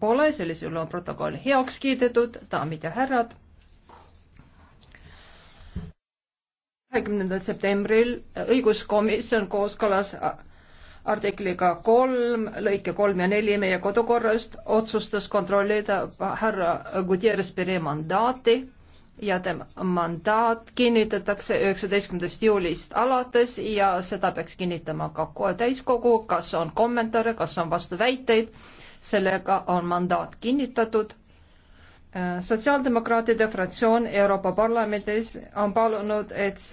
pole, sellisel on protokoll heaks kiidetud, daamid ja härrad. kahekümnendal septembril õiguskomisjon kooskõlas artikliga kolm, lõike kolm ja neli meie kodukorrast otsustas kontrollida härra Gutierrez Pere mandaati ja tema mandaat kinnitatakse üheksateistkümnendast juulist alates ja seda peaks kinnitama ka täiskogu, kas on kommentaare, kas on vastuväiteid sellega on mandaat kinnitatud. Äh, sotsiaaldemokraatide fraktsioon Euroopa Parlamendis on palunud, et see